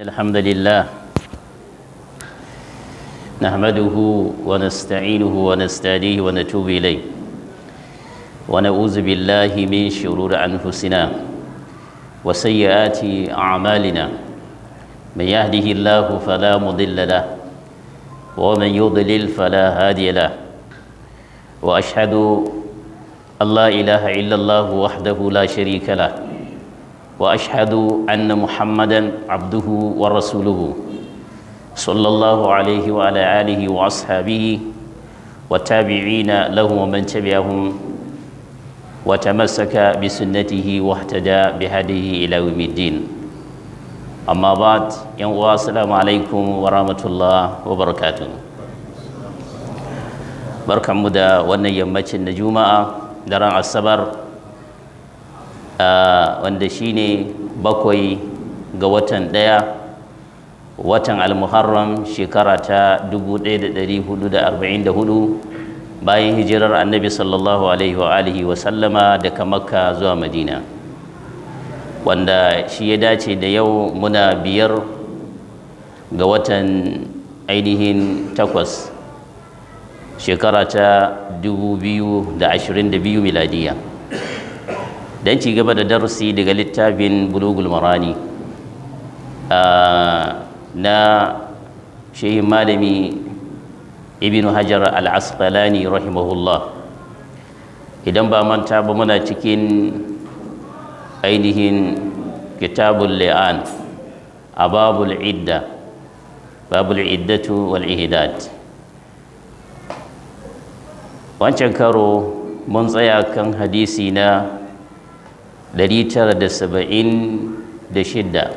الحمد لله نحمده ونستعينه ونستهديه ونتوب إليه ونعوذ بالله من شرور أنفسنا وسيئات أعمالنا من يهده الله فلا مضل له ومن يضلل فلا هادي له وأشهد أن لا إله إلا الله وحده لا شريك له واشهد ان محمدا عبده ورسوله صلى الله عليه وعلى اله واصحابه والتابعين له ومن تبعهم وتمسك بسنته واهتدى بهديه الى يوم الدين اما بعد السلام عليكم ورحمه الله وبركاته barkanmu da wannan yammacin na juma'a daren asabar Ah, wanda shine bakwai ga watan ɗaya watan al almuharram shekara ta 1444 bayan hijirar annabi sallallahu alaihi wa alihi wa sallama daga makka zuwa madina wanda shi ya dace da yau muna biyar ga watan ainihin takwas shekara ta 2022 miladiya don ci gaba da darasi daga littafin bulugul marani ah, na shehin malami ibn hajar al-asqalani rahimahullah idan ba manta ba muna cikin ainihin kitabul li'an a babul idda babul iddatu wal ihdad wancan karo mun tsaya kan hadisi na shida,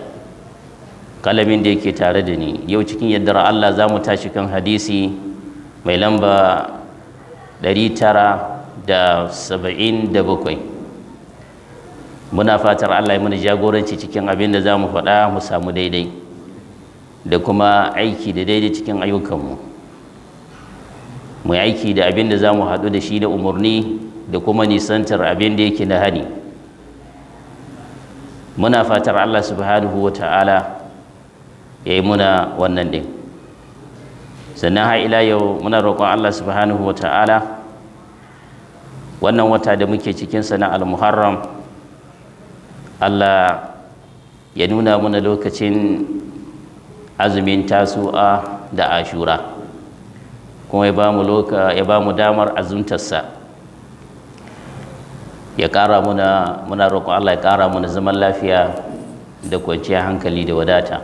kalamin da yake tare da ni yau cikin yadda Allah za mu tashi kan hadisi mai lamba 977 muna fatar Allah ya mana jagoranci cikin abin da za mu faɗa mu samu daidai da kuma aiki da daidai cikin ayyukanmu mai aiki da abin da za mu haɗu da shi da umarni da kuma nisantar abin da yake na hani muna fatar Allah subhanahu wa ta'ala ya yi muna wannan din sannan har ila yau muna roƙon Allah subhanahu wa ta'ala wannan wata da muke cikinsa na al-muharram Allah ya nuna muna lokacin azumin tasu'a da ashura kuma ya ba mu damar azumtarsa ya ƙara muna muna roƙon Allah ya ƙara muna zaman lafiya da kwanciya hankali da wadata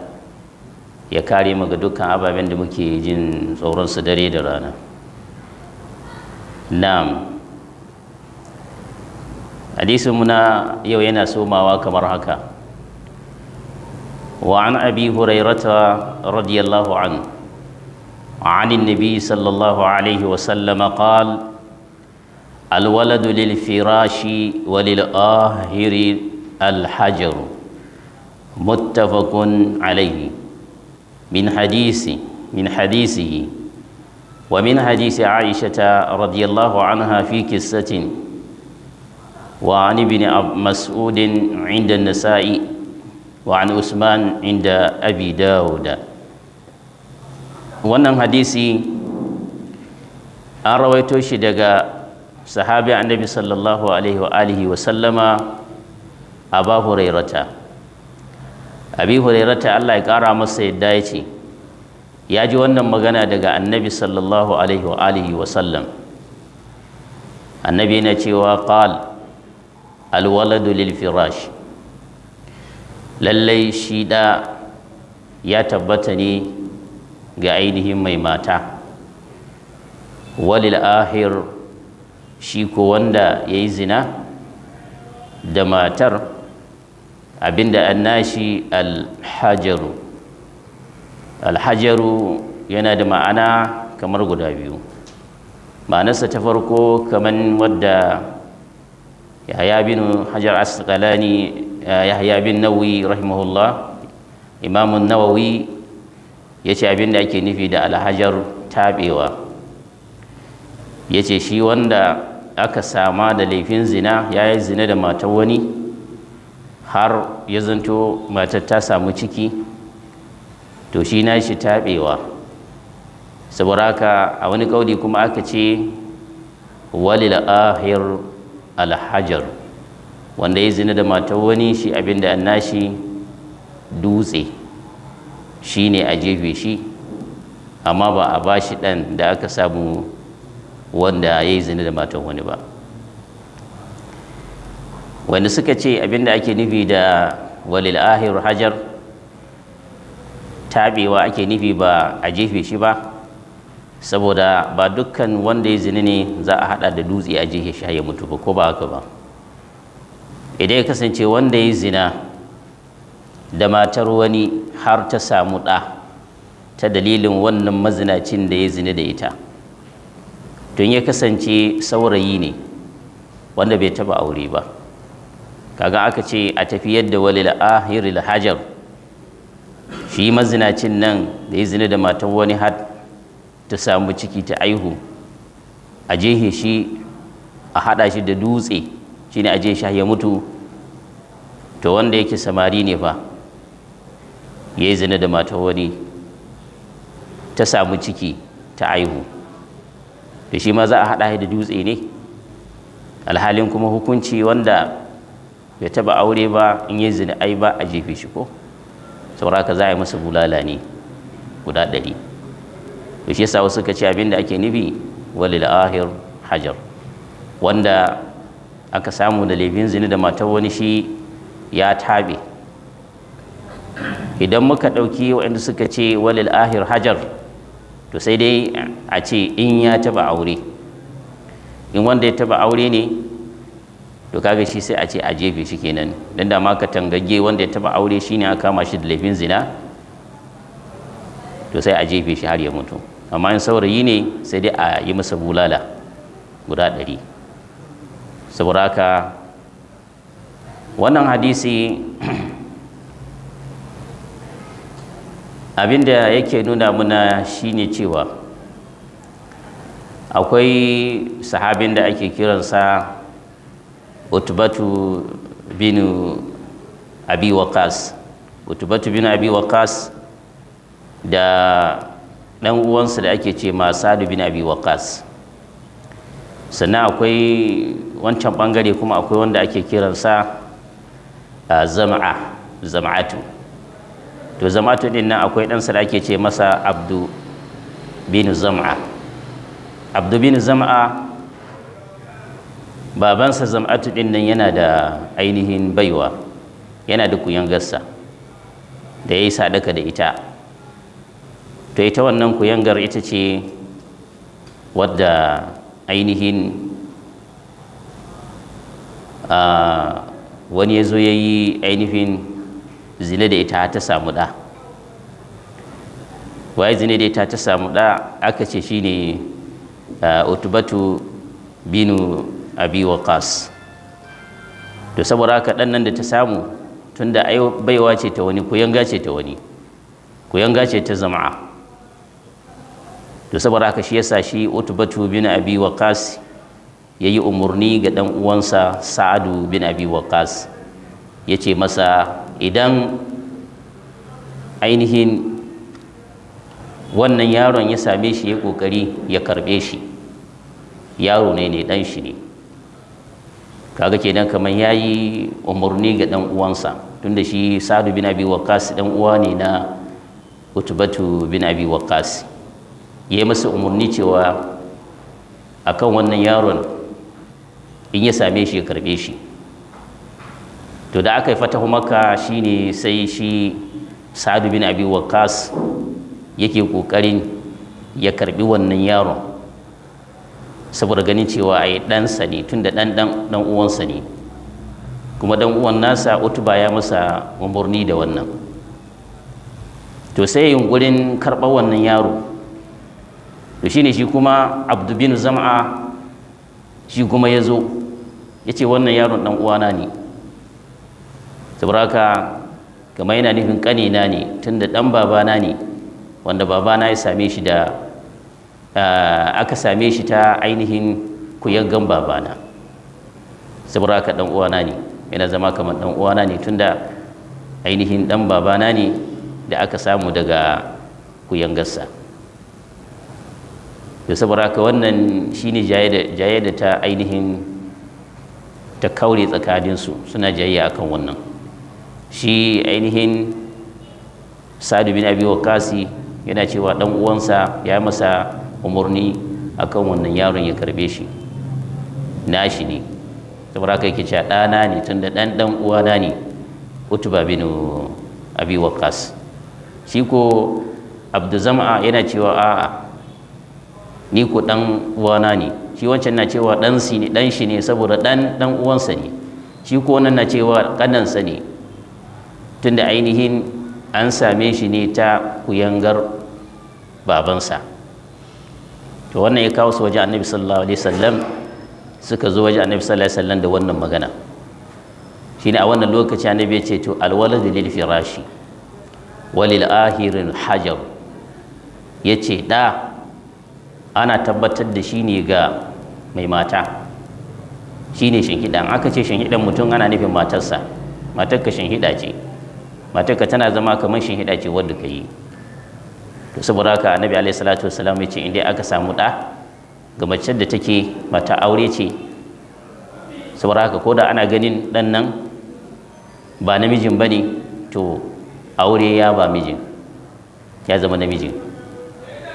ya kare mu ga dukkan ababen da muke jin tsoron su dare da rana na'am hadisin muna yau yana somawa kamar haka وعن أبي هريرة رضي الله عنه عن النبي صلى الله عليه وسلم قال alwaladu lil firashi wa lil ahiri alhajaru muttafaqun alayhi min min hadisihi wa min hadisi aishata radiyallahu anha fi qissatin وعن ابن مسعود عند النسائي وعن عثمان عند أبي داود wannan hadisi an rawaito shi daga sahabi annabi sallallahu alaihi wa alihi wa sallama aba hurairata abi hurairata Allah ya ƙara masa yadda ya ce ya ji wannan magana daga annabi sallallahu alaihi wa alihi wa sallam annabi na cewa fal alwaladu lil firash lallai shi ya tabbata ne ga ainihin mai mata walil ahir shi ko wanda ya yi zina da matar abinda an nashi alhajaru alhajaru yana da ma'ana kamar guda biyu ma'anarsa ta farko kamar wadda yahya bin hajar asqalani eh, yahya bin nawawi rahimahullah imamun nawawi ya ce abinda ake nufi da alhajar tabewa ya ce shi wanda aka sama da laifin zina ya yi zina da matar wani har ya zanto matar ta samu ciki to shi na shi taɓewa saboda haka a wani ƙaudi kuma aka ce walil ahir alhajar wanda ya zina da matar wani shi abin da an annashi dutse shi ne a jefe shi amma ba a ba shi ɗan da aka samu wanda ya yi zina da matan wani ba wanda suka ce abinda ake nufi da walil ahir hajar tabewa ake nufi ba a jefe shi ba saboda ba dukkan wanda ya zini ne za a hada da dutse a jefe shi ya mutu ba ko ba haka ba idan ya kasance wanda ya zina da matar wani har ta samu ɗa ta dalilin wannan mazinacin da ya zina da ita tun ya kasance saurayi ne wanda bai taba aure ba kaga aka ce a tafiyar da walil ahiril hajar shi mazinacin nan da ya zina da matan wani har ta samu ciki ta aihu a jehe shi a haɗa shi da dutse shine a shi ya mutu to wanda yake samari ne fa ya yi zina da matan wani ta samu ciki ta aihu da shi ma za a haɗa da dutse ne alhalin kuma hukunci wanda bai taba aure ba in yi zina ai ba a jefe shi ko saura ka za a yi masa bulala ne guda ɗari da shi yasa wasu kace abin da ake nufi walil ahir hajar wanda aka samu da laifin zina da matar wani shi ya tabe idan muka ɗauki waɗanda suka ce walil ahir hajar to sai dai a ce in ya taba aure in wanda ya taba aure ne to kaga shi sai a ce a jefe shi kenan dan da ma ka tangage wanda ya taba aure shine a kama shi da laifin zina to sai a jefe shi har ya mutu amma in saurayi ne sai dai a yi masa bulala guda ɗari saboda haka wannan hadisi abinda yake nuna muna shine cewa akwai sahabin da ake kiransa utubatu bin abi waqas utubatu binu abi waqas da ɗan uwansa da ake ce masadu bin abi waqas sannan akwai wancan ɓangare kuma akwai wanda ake kiransa zama'a zama'atu to zamatu din nan akwai ɗansa da ake ce masa abdu bin zam'a abdu bin zam'a babansa zam'atu din nan yana da ainihin baiwa yana da kuyangarsa da ya yi sadaka da ita to ita wannan kuyangar ita ce wadda ainihin ah, wani ya zo ya yi ainihin zina da ita ta samu ɗa waye zina da ita ta samu ɗa aka ce shine uh, utubatu binu abi waqas to saboda haka ɗan nan da ta samu tunda ai baiwa ce ta wani kuyanga ce ta wani kuyanga ce ta zama'a to saboda haka shi yasa shi utubatu bin abi waqas yayi umurni ga dan uwansa sa'adu bin abi waqas ya ce masa idan ainihin wannan yaron ya same shi ya kokari ya karbe shi yaro ne ne ɗan shi ne kaga kenan kamar ya yi umarni ga ɗan uwansa tunda shi sadu bin abi waqas ɗan uwa ne na utubatu bin abi waqas ya masa umarni cewa akan wannan yaron in ya same shi ya karbe shi to da aka yi fatahu shi shine sai shi sa'adu bin abi waqas yake kokarin ya karbi wannan yaron saboda ganin cewa a yi ɗansa ne tunda ɗan ɗan uwansa ne kuma ɗan uwan nasa utuba ya masa umarni da wannan to sai yin yunkurin karɓar wannan yaro to shine shi kuma abdubin zam'a shi kuma ya zo ya ce wannan yaron ɗan uwana ne saboda kamar yana nufin ƙanina ne tunda ɗan babana ne wanda babana ya same shi da eh, aka same shi ta ainihin kuyaggan babana saboda haka ɗan uwana ne yana zama kamar ɗan uwana ne tunda ainihin ɗan babana ne da aka samu daga kuyangarsa da saboda haka wannan shine jaye da ta ainihin ta kaure tsakaninsu suna jayayya akan wannan shi ainihin sadu bin abi waqasi yana cewa dan uwansa ya masa umarni akan wannan yaron ya karbe shi nashi ne saboda haka yake cewa ɗana ne tun da ɗan ɗan uwana ne utuba bin abi waqas shi ko zama'a yana cewa a'a ni ko ɗan uwana ne shi wancan na cewa ɗan shi ne saboda ɗan ɗan uwansa ne shi ko wannan na cewa ƙanansa ne tunda ainihin an same shi ne ta kuyangar babansa to wannan ya kawo su waje annabi sallallahu alaihi wasallam suka zo waje annabi sallallahu alaihi wasallam da wannan magana shine a wannan lokaci annabi ya ce to alwaladu lil firashi walil ahirin hajar ya ce da ana tabbatar da shi ne ga mai mata Shi shine shinhidan aka ce shinhidan mutum ana nufin matarsa matar ka shinhida ce ka tana zama kamar shin hida ce wadda ka yi to saboda haka annabi alaihi salatu wasallam ya ce in dai aka samu da ga mace da take mata aure ce saboda haka ko da ana ganin dan nan ba namijin bane to aure ya ba mijin ya zama namijin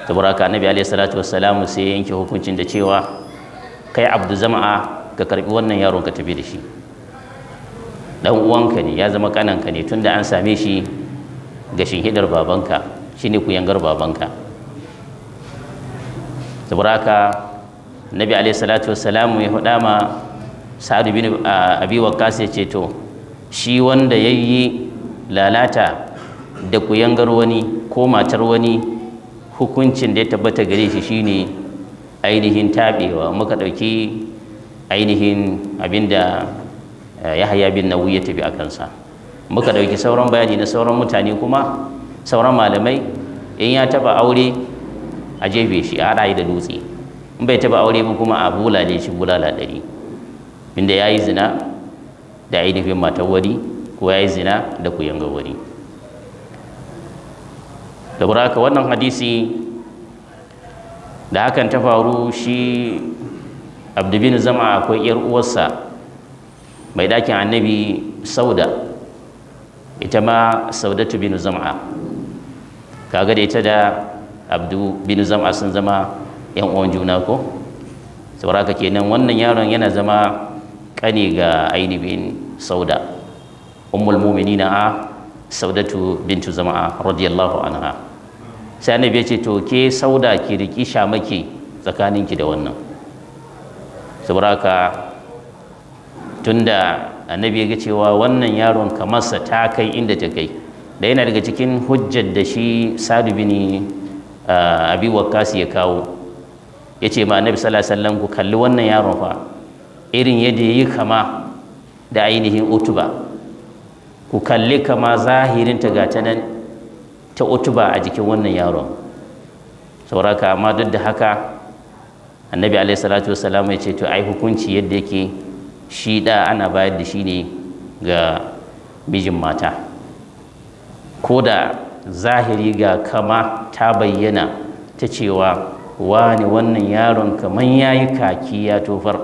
saboda haka annabi alaihi salatu wasallam sai yanke hukuncin da cewa kai abdu zama'a ka karbi wannan yaron ka tafi da shi dan uwanka ne ya zama kananka ne tunda an same shi ga shinhidar babanka shine kuyangar babanka saboda nabi alaihi salatu wassalamu ya faɗa ma sa'ad bin abi waqqas ya ce to shi wanda yayi lalata da kuyangar wani ko matar wani hukuncin da ya tabbata gare shi shine ainihin tabewa muka dauki ainihin abinda Eh, yahaya bin nawi ya tafi a kansa muka ɗauki sauran bayani na sauran mutane kuma sauran malamai in ya taba aure a jefe shi a haɗa da dutse in bai taba aure ba kuma a bulale shi bulala ɗari inda ya yi zina da ainihin matar wani ko ya yi zina da kuyangar wani da haka wannan hadisi da hakan ta faru shi abdubin zama akwai 'yar uwarsa mai dakin annabi sauda ita ma saudatu bin zam'a kaga da ita da abdu bin zam'a sun zama yan uwan juna ko sauraka kenan wannan yaron yana zama kani ga ainihin sauda ummul mu'minina a saudatu bintu zam'a radiyallahu anha sai annabi ya ce to ke sauda ki riki shamaki tsakaninki da wannan sauraka tunda annabi ya ga cewa wannan yaron kamarsa ta kai inda ta kai da yana daga cikin hujjar da shi sadu bin ah, abi waqas ya kawo yace ma annabi sallallahu alaihi wasallam ku kalli wannan yaron fa irin yadda yayi kama da ainihin utuba ku kalli kama zahirin ta gata nan ta utuba a jikin wannan yaron sauraka amma duk da haka annabi alaihi salatu wasallam ya ce to ai hukunci yadda yake shi da ana bayar da shi ne ga mijin mata ko da zahiri ga kama ta bayyana ta cewa wani wannan yaron kamar ya yi kaki ya tofar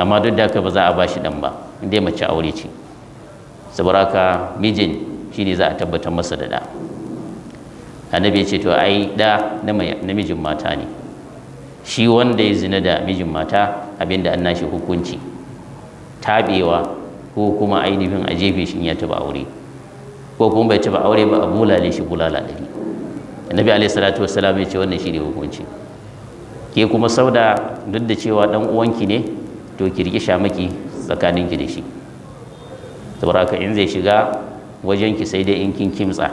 amma duk da ba za a ba shi ɗan ba inda mace aure ce saboda haka mijin shi ne za a tabbatar masa da ɗa annabi ya ce to ai ɗa na mijin mata ne shi wanda ya zina da mijin mata abinda an nashi hukunci taɓewa ko kuma ainihin a jefe shi ya taɓa aure ko kuma bai taɓa aure ba a bulale shi bulala ɗari annabi alaihi salatu wassalam ya ce wannan shi ne hukunci ke kuma sauda duk da cewa dan uwanki ne to ki riƙi shamaki ki da shi saboda haka in zai shiga wajen sai dai in kin kimtsa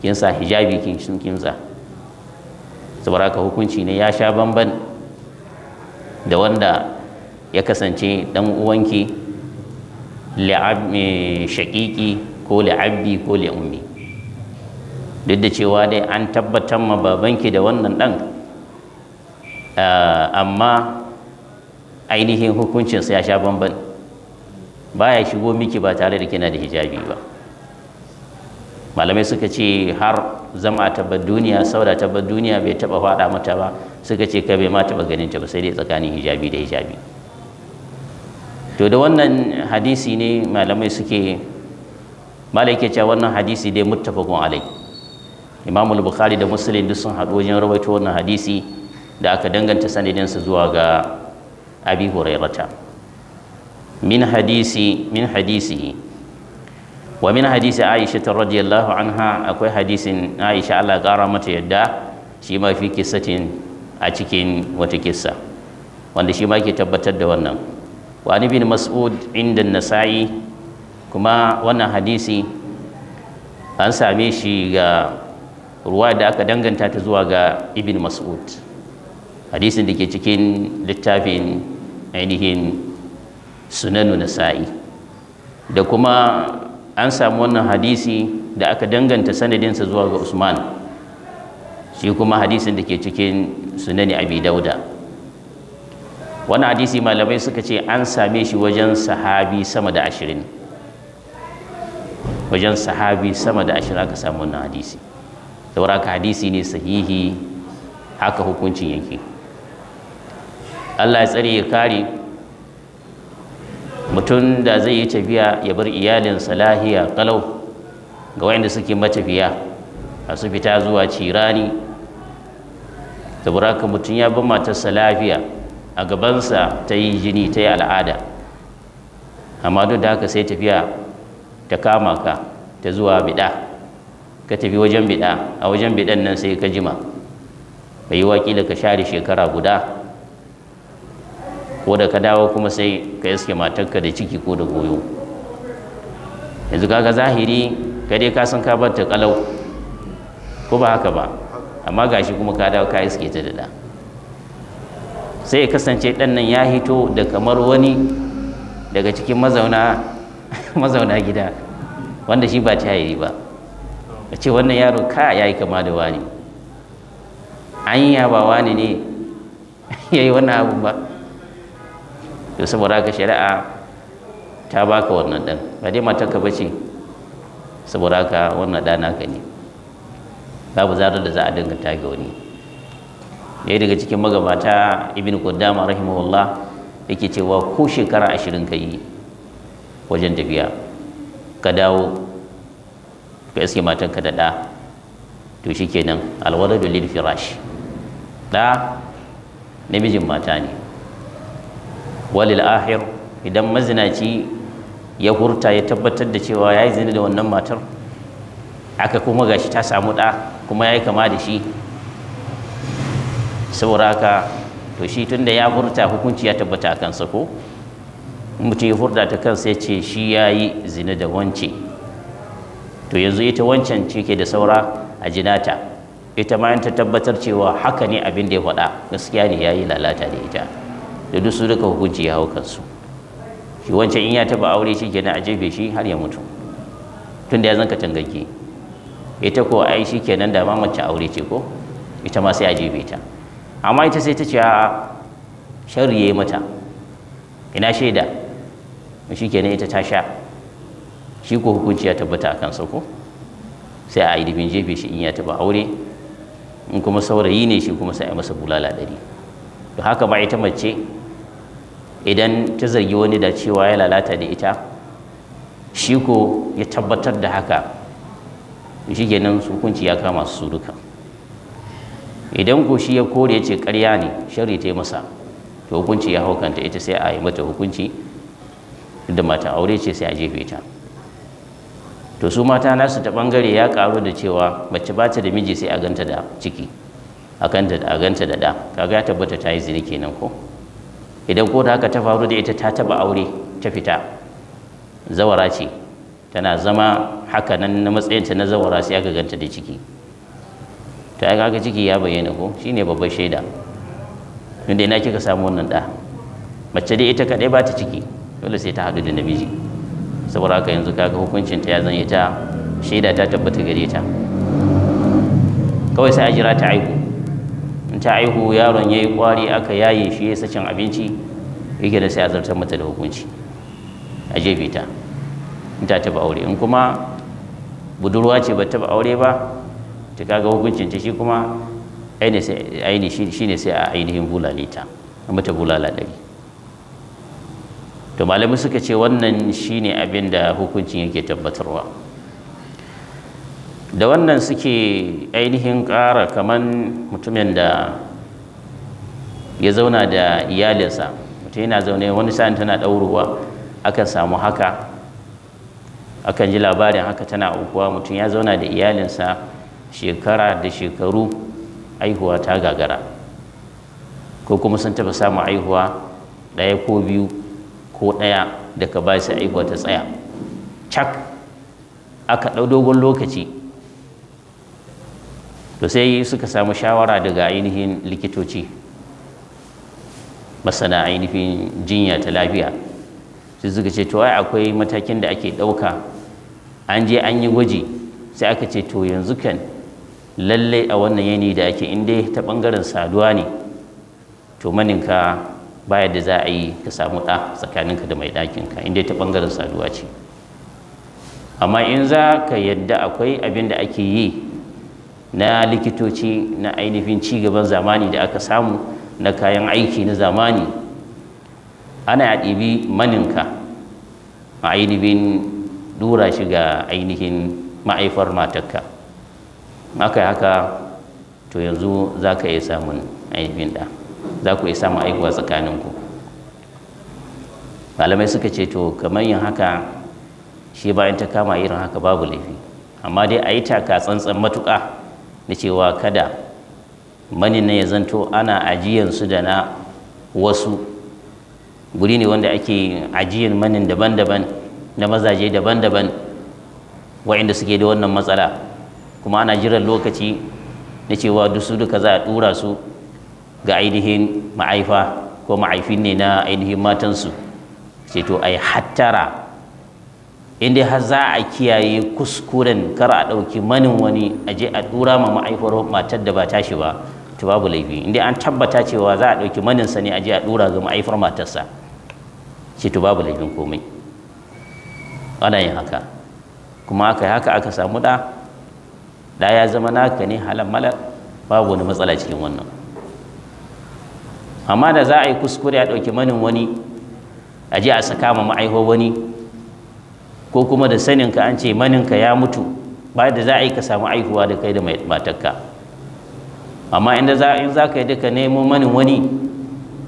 kin sa hijabi kin kimtsa saboda haka hukunci ne ya sha bamban da wanda ya kasance dan uwanki li'abbi ko li'abbi ko li'ummi duk da cewa dai an tabbatar ma babanki da wannan dan eh, amma ainihin hukuncinsa ya sha bamban baya shigo miki ba tare da kina da hijabi ba malamai suka ce har zama a bar duniya saura ta duniya bai taba faɗa mata ba suka ce ka bai ma taba ganin ta ba sai dai tsakanin hijabi da hijabi to da wannan hadisi ne malamai suke malai ke cewa wannan hadisi dai muttafaqun alai imam al-bukhari da muslim duk sun haɗu wajen rawaito wannan hadisi da aka danganta sanadinsa zuwa ga abi hurairata min hadisi min hadisihi wa min hadisi aisha ta radiyallahu anha akwai hadisin aisha Allah kara mata yadda shi ma fi kissatin a cikin wata kissa wanda shi ma ke tabbatar da wannan wa ni bin mas'ud inda nasa'i kuma wannan hadisi an same shi ga ruwa da aka danganta ta zuwa ga ibn mas'ud hadisin da ke cikin littafin ainihin sunanu nasa'i da kuma an samu wannan hadisi da aka danganta sanadinsa zuwa ga usman shi kuma hadisin da ke cikin sunani abi dauda wannan hadisi malamai suka ce an same shi wajen sahabi sama da ashirin wajen sahabi sama da ashirin aka samu wannan hadisi saboda haka hadisi ne sahihi haka hukuncin yanki. Allah ya tsare ya kare mutum da zai yi tafiya ya bar iyalinsa lahiya kalau ga wayanda suke matafiya a su fita zuwa cirani saboda haka mutum ya bar matarsa lafiya a gabansa ta yi jini ta yi al'ada amma duk da haka sai tafiya ta kama ka ta zuwa bida ka tafi wajen bida a wajen bidan nan sai ka jima bai yi da ka share shekara guda ko da ka dawo kuma sai ka iske matarka da ciki ko da goyo yanzu kaga zahiri ka dai ka san ka bar ta kalau ko ba haka ba amma gashi kuma ka dawo ka iske ta da sai ya kasance dan nan ya hito da kamar wani daga cikin mazauna gida wanda shi ba ta yi ba A ce wannan yaro ka yayi kama da wani an yi ba wani ne yayi wannan abu ba to saboda haka shari'a ta baka wannan dan ba dai matarka bace saboda haka wannan ɗa naka ne babu zarar da za a danganta ga wani ɗaya daga cikin magabata ibn qudama rahimahullah yake cewa ko shekara ashirin ka wajen tafiya ka dawo ka iske matanka da da to shikenan alwaladu lil firash Da namijin mata ne walil ahir idan mazinaci ya hurta ya tabbatar da cewa ya yi zina da wannan matar aka kuma gashi ta samu ɗa kuma ya yi kama da shi saboda haka to shi tun da ya hurta hukunci ya tabbata a kansa ko mutum ya hurta ta kansa ya ce shi ya yi zina da wance to yanzu ita wancan ce ke da saura a jinata ita ma ta tabbatar cewa haka ne abin da ya faɗa gaskiya ne ya yi lalata da ita da duk su duka hukunci ya hau kansu shi wancan in ya taba aure shi kenan a jefe shi har ya mutu tunda ya zanka tangaki. ita ko ai shi kenan da ma mace aure ce ko ita ma sai a jefe ta amma ita sai ta ce a yi mata ina shaida shi kenan ita ta sha shi ko hukunci ya tabbata a kansa ko sai a yi dubin jefe shi in ya taba aure in kuma saurayi ne shi kuma sai a masa bulala ɗari to haka ba ita mace idan ta zargi wani da cewa ya lalata da ita shi ko ya tabbatar da haka shi kenan hukunci ya kama su duka idan ko shi ya kore ce karya ne shari ta yi masa to hukunci ya haukanta ita sai a yi mata hukunci da mata aure ce sai a jefe ta to su mata nasu ta bangare ya karu da cewa mace bata da miji sai a ganta da ciki a ganta da da kaga ya tabbata ta yi zini kenan ko idan ko da haka ta faru da ita ta taba aure ta fita zawara ce tana zama haka nan na matsayinta na zawara sai aka ganta da ciki ta aka aka ciki ya bayyana ko shine babbar shaida inda ina kika samu wannan da mace dai ita kadai ba ta ciki dole sai ta haɗu da namiji saboda haka yanzu kaga hukuncin ta ya zan ita shaida ta tabbata gare ta kawai sai a jira ta aiko. in ta aihu yaron ya yi kwari aka yaye shi ya sacin abinci yake da sai a zartar mata da hukunci a jefe ta in ta taba aure in kuma budurwa ce ba taba aure ba ta kaga hukuncin ta shi kuma shi ne sai a ainihin bulale ta a mata bulala ɗari to malamai suka ce wannan shine abin da hukuncin yake tabbatarwa da wannan suke ainihin ƙara kamar mutumin da ya zauna da iyalinsa mutum yana zaune wani sa'in tana ɗaurowa akan samu haka akan ji labarin haka tana aukuwa mutum ya zauna da iyalinsa shekara da shekaru aihuwa ta gagara ko kuma sun taɓa samu aihuwa ɗaya ko biyu ko ɗaya daga ba su aihuwa ta tsaya cak aka ɗau dogon lokaci to sai suka samu shawara daga ainihin likitoci masana ainihin jinya ta lafiya sai suka ce to ai akwai matakin da ake ɗauka an je an yi gwaji sai aka ce to yanzu kan lallai a wannan yanayi da ake dai ta ɓangaren saduwa ne to maninka baya da za a yi ka samu ɗa tsakaninka da mai ɗakinka inda ta ɓangaren saduwa ce amma in za ka yadda akwai abin da ake yi na likitoci na ainihin cigaban zamani da aka samu na kayan aiki na zamani ana ɗibi maninka a ainihin dura shi ga ainihin ma'aifar matakka aka yi haka to yanzu za ka iya samun ainihin ɗa za ku iya samun aikuwa tsakaninku malamai suka ce to kamar yin haka shi bayan ta kama irin haka babu laifi amma dai a yi taka tsantsan matuƙa da cewa kada manin na ya zanto ana ajiyansu da na wasu guri ne wanda ake ajiyan manin daban-daban na mazaje daban-daban waɗanda suke da wannan matsala kuma ana jiran lokaci na cewa dusu duka za a ɗura su ga ainihin ma'aifa ko ma'aifin ne na ainihin matansu ce to ai hattara inda har za a kiyaye kuskuren kar a ɗauki manin wani a je a ɗura ma ma'aifar matar da ba tashi ba to babu laifi inda an tabbata cewa za a ɗauki maninsa ne a je a ɗura ga ma'aifar matarsa ce to babu laifin komai ana yin haka kuma aka haka aka samu ɗa ɗa ya zama naka ne halan mala babu wani matsala cikin wannan amma da za a yi kuskure a ɗauki manin wani a je a saka ma ma'aihar wani ko kuma da saninka an ce maninka ya mutu ba da za a yi ka samu aihuwa da kai da matarka amma inda za in za ka yi duka nemo manin wani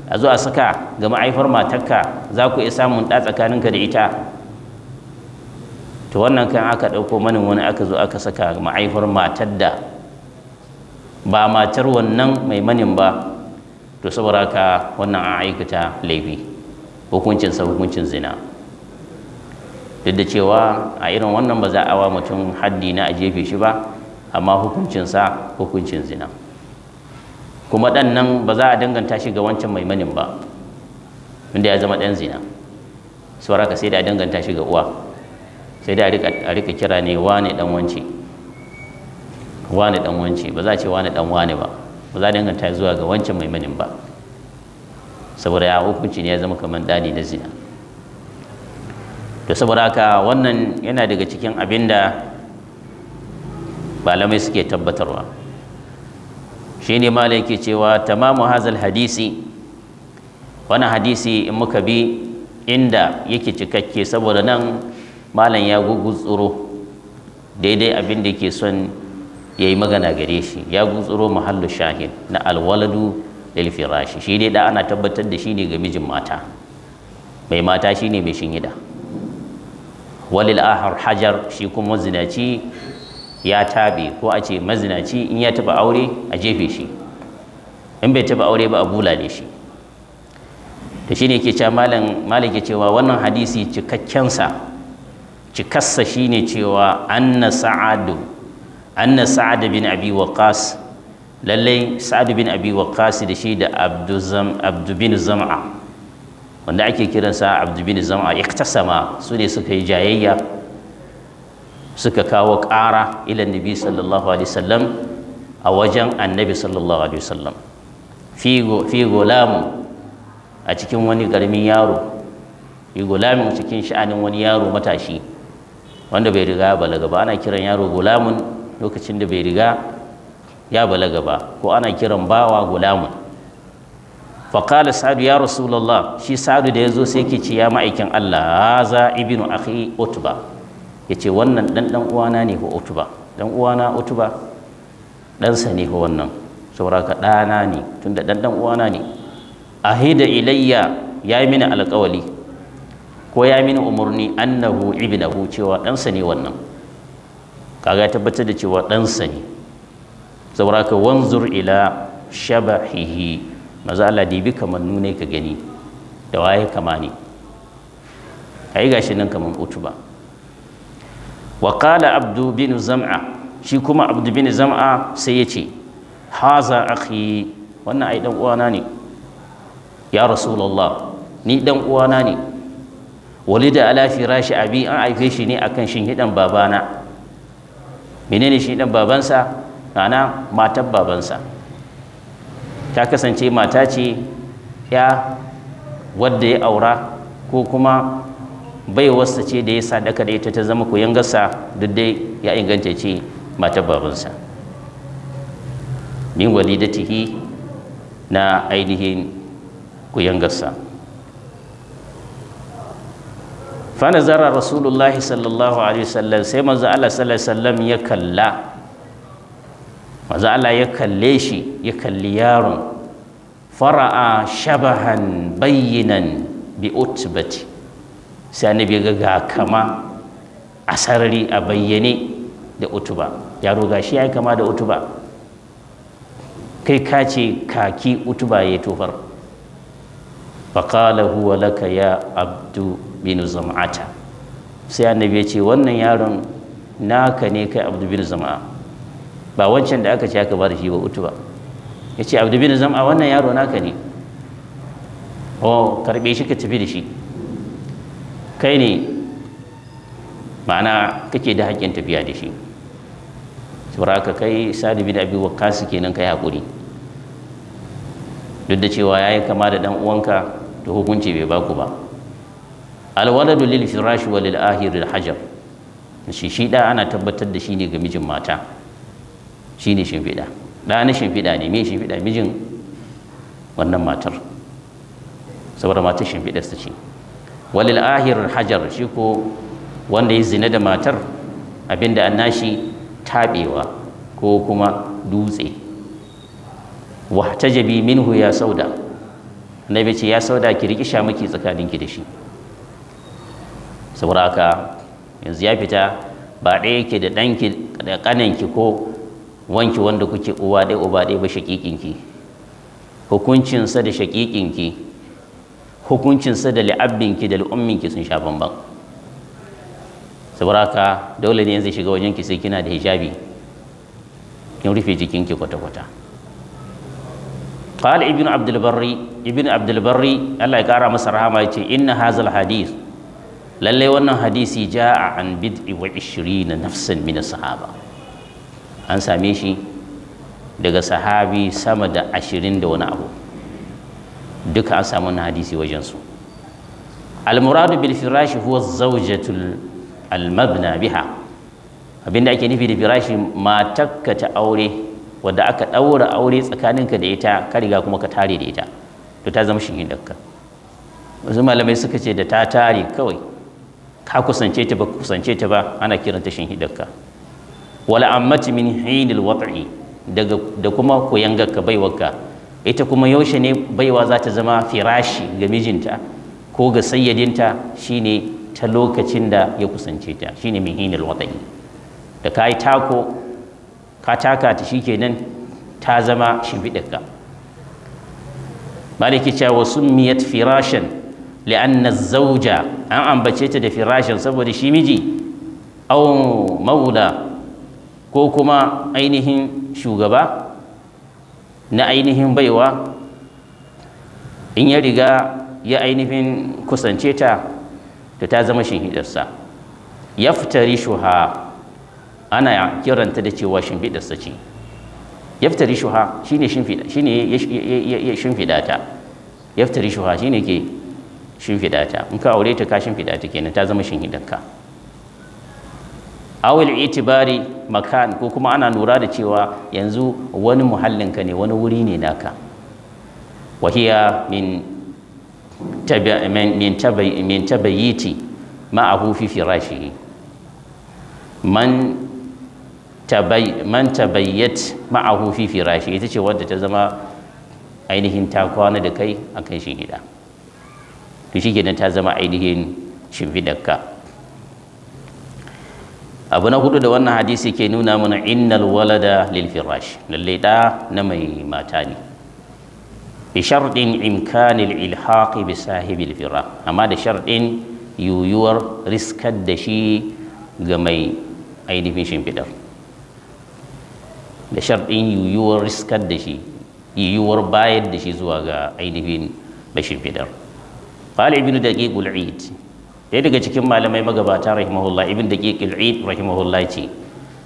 a zo a saka ga ma'aifar matarka za ku iya samun ɗa tsakaninka da ita to wannan kan aka ɗauko manin wani aka zo aka saka ma'aifar matar da ba matar wannan mai manin ba to saboda haka wannan an aikata laifi hukuncinsa hukuncin zina duk da cewa a irin wannan ba za a wa mutum haddi na a jefe shi ba amma hukuncinsa hukuncin zina kuma ɗan nan ba za a danganta shi ga wancan maimanin ba inda ya zama ɗan zina sauraka sai da a danganta shi ga uwa sai da a rika kira ne wane ɗan wance wane ɗan wance ba za a ce wane ɗan wane ba ba za a danganta zuwa ga wancan maimanin ba saboda ya hukunci ne ya zama kamar dadi na zina Da saboda haka wannan yana daga cikin abinda malamai suke tabbatarwa shi ne malai ke cewa tamamu hazal hadisi wani hadisi in muka bi inda yake cikakke saboda nan malam ya tsoro daidai abinda da ke son ya yi magana gare shi ya gutsuro mahallu shahin na alwaladu lil shi dai da ana tabbatar da shi ne ga mijin mata mai mata shi ne mai shingida walil ahar hajar shi kuma mazinaci ya taɓe ko a ce mazinaci in ya taba aure a jefe shi in bai taba aure ba a bula ne shi shi ne ke cewa malam cewa wannan hadisi cikakkensa sa shi ne cewa anna sa'adu anna sa'adu bin abi waqas lallai sa'adu bin abi waqas da shi da abdu bin zam'a wanda ake kiransa abdu bin zama iktasama su ne suka yi jayayya suka kawo ƙara ilan nabi sallallahu alaihi wasallam a wajen annabi sallallahu alaihi wasallam fi gulamu a cikin wani garmin yaro fi gulamin cikin sha'anin wani yaro matashi wanda bai riga ya balaga ba ana kiran yaro gulamun lokacin da bai riga ya balaga ba ko ana kiran bawa gulamun faƙala sa'adu ya rasulallah shi sa'adu da ya zo sai ke ce ya ma'aikin allah haza ibnu akhi utba ya ce wannan ɗan ɗan uwana ne ko utba ɗan uwana utba ɗansa ne ko wannan sauraka ɗana ne tunda ɗan ɗan uwana ne ahida ilayya ya yi mini alƙawali ko ya mini umarni annahu ibnahu cewa ɗansa ne wannan kaga ya tabbatar da cewa ɗansa ne sauraka wanzur ila shabahihi maza Allah dibi kamannu ka gani da waye kama ne kai gashi nan kaman utuba wa qala abdu bin zam'a shi kuma abdu bin zam'a sai ya ce haza akhi wannan ai dan uwana ne ya rasulullah ni dan uwana ne walida ala firashi abi an aife shi ne akan shinhidan babana menene shinhidan babansa ana matar babansa ta kasance mata ce ya wadda ya aura ko kuma bai baiwarsa ce da ya sadaka da ita ta zama koyon gasa duk dai ya inganta ce mata babansa min walidatihi na ainihin gasa fa nazara rasulullahi sallallahu alaihi wasallam sai manzo Allah sallallahu alaihi wasallam ya kalla maza Allah ya kalle shi ya kalli yaron fara'a shabahan bayyinan bi utbati sai annabi ga ga kama a sarari a bayyane da utuba yaro gashi ya kama da utuba kai ka ce kaki utuba ya tofar faƙala huwa laka ya abdu bin zam'ata sai annabi ya ce wannan yaron naka ne kai abdu bin zama'a ba wancan da aka ce aka ba da shi ba utu ba ya ce abdu bin zama wannan yaro naka ne o oh, karbe shi ka tafi da shi kai ne ma'ana kake da haƙƙin tafiya da shi saboda haka kai sadi bin abi waqqas kenan kai hakuri duk da cewa ya yi kama da ɗan uwanka to hukunci bai baku ba alwaladu lil firashi wa ahir al hajar shi shi da ana tabbatar da shi ne ga mijin mata Shi shine shimfiɗa ɗa na shimfiɗa ne me shimfiɗa mijin wannan matar saboda matar shimfiɗa su ce walil ahir hajar shi ko wanda ya zina da matar abinda an nashi taɓewa ko kuma dutse wa tajabi minhu ya sauda annabi ce ya sauda ki riki shamaki ki da shi saboda haka yanzu ya fita ba ɗaya ke da ɗanki da ƙananki ko wanki wanda kuke uwa ɗaya uba ɗaya ba shaƙiƙinki hukuncinsa da shaƙiƙinki hukuncinsa da li'abbinki da li'umminki sun sha bamban saboda haka dole ne zai shiga wajenki sai kina da hijabi kin rufe jikinki kwata-kwata قال ابن عبد البر ابن عبد البر الله يقرا masa rahama yace inna hazal hadith lalle wannan hadisi jaa an bid'i wa 20 nafsan min as-sahaba an same shi daga sahabi sama da ashirin da wani abu duka an samu wannan hadisi wajensu almuradu bil firashi huwa zawjatul almabna biha abinda ake nufi da firashi matakka ta aure wadda aka ɗaura aure tsakaninka da ita ka riga kuma ka tare da ita to ta zama shin dakka wasu malamai suka ce da ta tare kawai ka kusance ta ba kusance ta ba ana kiranta shin hidakka wala ammati min hinil wat'i daga da kuma koyangar ka baiwarka ita kuma yaushe ne baiwa za ta zama firashi ga mijinta ko ga sayyadinta shine ta lokacin da ya kusance ta shine min hinil wat'i da ka yi tako ka taka ta shikenan ta zama shimfiɗarka maliki cewa summiyat firashan لأن zauja an ambace ta da firashin saboda shi miji aw ko kuma ainihin shugaba na ainihin baiwa in ya riga ya ainihin kusance ta to ta zama shinhidarsa ya fitari shuha ana kiranta da cewa shimfiɗarsa ce ya fitari shuha shi ne shimfiɗa ta ya fitari shuha shi ne ke shimfiɗa ta in ka aure ta ka shimfiɗa ta kenan ta zama shinhidarka awil itibari makan ko kuma ana lura da cewa yanzu wani muhallinka ne wani wuri ne naka wahiya min min ma ma'ahu fi firashi. man man tabayyat ma'ahu fi firashi ita ce wadda ta zama ainihin ta kwana da kai akan shi gida to shi ta zama ainihin shimfidarka abu na hudu da wannan hadisi ke nuna mana innal walada lil firash lalle da na mai mata ne bi sharɗin imkanil ilhaqi bi sahibil fira amma da shardin yuyuwar riskar da shi ga mai ainihin shimfidar da shardin yuyuwar riskar da shi yuyuwar bayar da shi zuwa ga ainihin mai shimfidar قال ابن دقيق العيد ɗaya daga cikin malamai magabata rahimahullah ibn daqiq al rahimahullah ce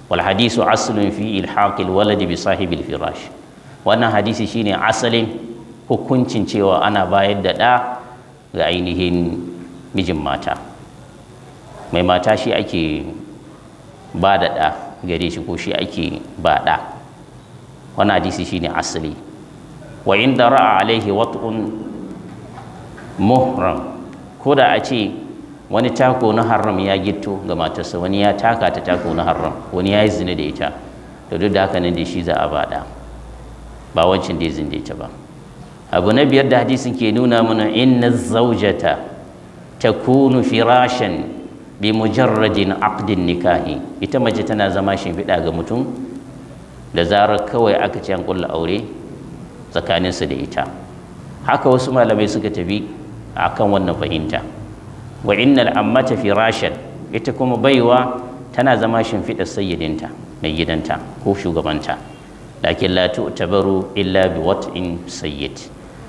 wal hadisu aslun fi ilhaqil waladi bi sahibil firash wannan hadisi shine asalin hukuncin cewa ana bayar da ɗa ga ainihin mijin mata mai mata shi ake ba da ɗa gare shi ko shi ake ba ɗa hadisi shine asali wa inda ra'a alaihi wat'un muhram ko da a ce wani tako na haram ya gito ga matarsa wani ya taka ta tako na haram wani ya yi zina da ita to duk da haka nan da shi za a bada ba wancan da zin da ita ba abu na biyar da hadisin ke nuna mana inna zaujata takunu firashan bi mujarradin aqdin nikahi ita mace tana zama shimfiɗa ga mutum da zarar kawai aka ce an kulla aure tsakaninsa da ita haka wasu malamai suka tafi akan wannan fahimta wa innal ammata firashan ita kuma baiwa tana zama shimfiɗa sayyidinta mai gidanta ko shugabanta lakin la tu'tabaru illa bi wat'in sayyid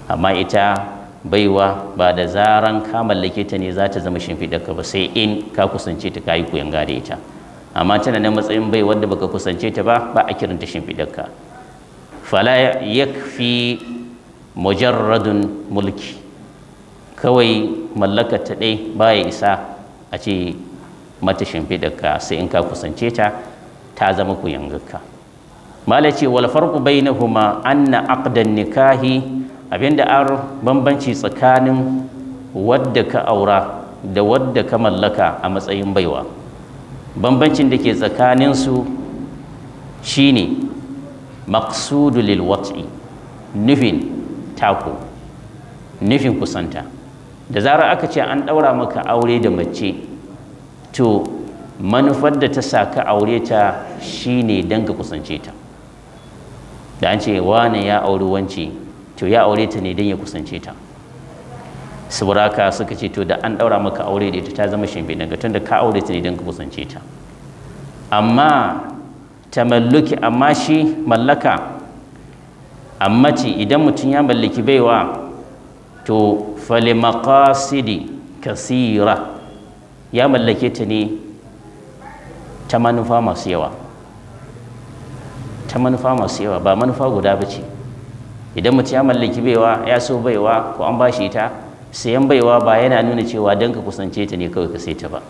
amma ita baiwa ba da zaran ka mallake ta ne za ta zama shimfiɗa ka ba sai in ka kusance ta kayi koyan gada ita amma tana nan matsayin bai wanda baka kusance ta ba ba a kiranta shimfiɗa ka fala yakfi mujarradun mulki kawai mallaka ta ɗai baya isa a ce mata shimfiɗarka sai in ka kusance ta ta zama ku yangarka mala ce wal farqu bainahuma anna aqdan nikahi abinda ar bambanci tsakanin wadda ka aura da wadda ka mallaka a matsayin baiwa bambancin da ke tsakaninsu shine maqsudu lil wat'i nufin taku, nufin kusanta da zarar aka ce an ɗaura maka aure da mace to manufar da ta sa ka aure ta shine don ka kusance ta da an ce wane ya auri wance to ya aure ta ne don ya kusance ta saboda suka ce to da an ɗaura maka aure da ita ta zama shimbe ga tun da ka aure ta ne don ka kusance ta amma mallaki, amma shi mallaka amma ce idan mutum ya mallaki baiwa to falimakasidi kasira ya mallake ta ne ta manufa masu yawa ta manufa masu yawa ba manufa guda ba ce idan mutum ya mallaki baiwa ya so baiwa ko an bashi ita sayan baiwa ba yana nuna cewa don ka kusance ta ne kawai ka sai ta ba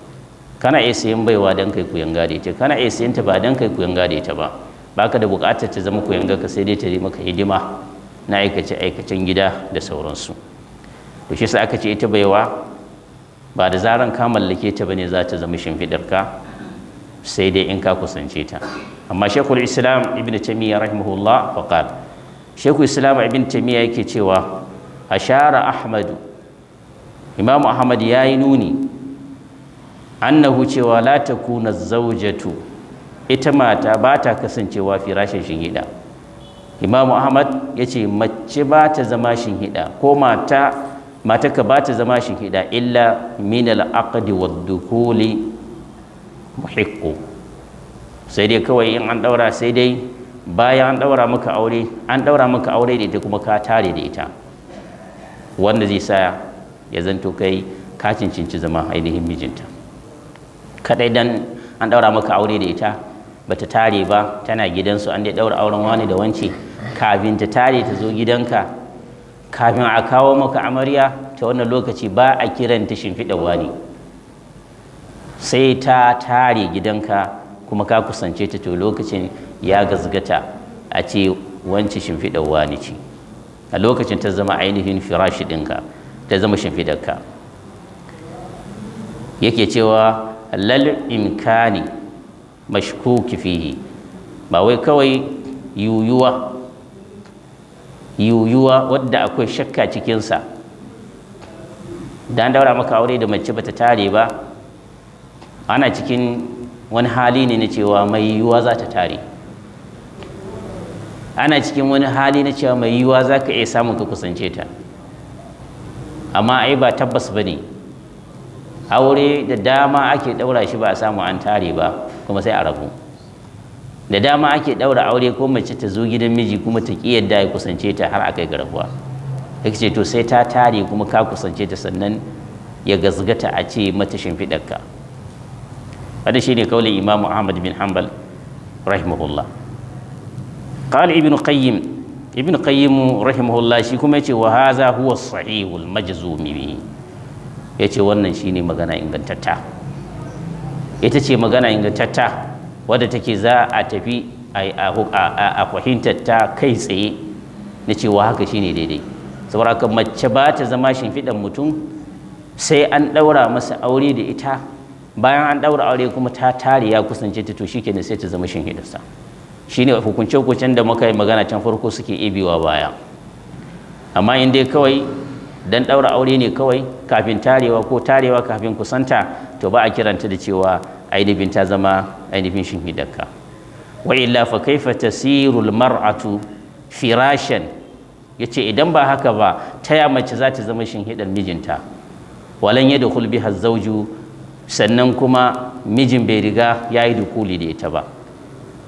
kana iya sayan baiwa don kai kuyan da ita kana iya sayan ta ba don kai kuyan da ita ba Ba ka da bukatar ta zama kuyanga ka sai dai ta maka hidima na aikace aikacen gida da sauransu to shi aka ce ita baiwa ba da zaran ka mallake ta bane za ta zama shimfiɗarka sai dai in ka kusance ta amma shekul islam ibn taimiyya rahimahullah faqal shekul islam ibn taimiyya yake cewa ashara ahmadu imamu ahmad ya yi nuni annahu cewa la takuna zaujatu ita mata ba ta kasancewa firashin shinhiɗa imamu ahmad ya ce mace ba ta zama shinhiɗa ko mata ka ba ta zama shi shahida illa min al-aqdi wad-dukuli muhiqqu sai dai kawai in an daura sai dai bayan an daura maka aure an daura maka aure da ita kuma ka tare da ita wanda zai sa ya zanto kai ka cincinci zama ainihin mijinta Kaɗai dan an daura maka aure da ita bata tare ba tana gidansu an dai ɗaura auren wani da wance kafin ta tare ta zo gidanka kafin a kawo maka amarya ta wannan lokaci ba a kiranta shimfiɗawa ne sai ta tare gidanka kuma ka kusance ta to lokacin ya gazgata a ce wance shimfiɗawa ne ce a lokacin ta zama ainihin firashi ɗinka ta zama shimfiɗarka yake cewa lal imkani mashkuki kifihi ba wai kawai yuyuwa yiwuwa wadda akwai shakka cikinsa da an daura maka aure da mace bata tare ba ana cikin wani hali ne na cewa mai yiwuwa za ta tare ana cikin wani hali na cewa mai yiwuwa za ka iya samun ka kusance ta amma ai ba tabbas ba ne aure da dama ake daura shi ba a samu an tare ba kuma sai a rabu da dama ake ɗaura aure ko mace ta zo gidan miji kuma ta ƙi yadda ya kusance ta har aka yi garbuwa yake ce to sai ta tare kuma ka kusance ta sannan ya gazgata a ce mata shimfiɗarka shi shine kaulin imamu ahmad bin hanbal rahimahullah qala ibnu qayyim ibnu qayyim rahimahullah shi kuma yace wa hadha huwa sahihul majzumi wannan shine magana ingantatta ita magana ingantatta wadda take za a tafi a fahimtar ta kai tsaye na cewa haka shine daidai saboda haka mace ba ta zama shimfiɗan mutum sai an ɗaura masa aure da ita bayan an ɗaura aure kuma ta tare ya kusance ta to shikenan sai ta zama shimfiɗarsa shine hukunce hukuncen da muka yi magana can farko suke i'biwa baya amma in dai kawai dan ɗaura aure ne kawai kafin tarewa ko tarewa kafin kusanta to ba a kiranta da cewa ainihin ta zama ainihin shinhidarka wa illa fa kaifa tasirul mar'atu firashan yace idan ba haka ba ta taya mace za ta zama hidar mijinta walan yadkhul biha zawju sannan kuma mijin bai riga yayi dukuli da ita ba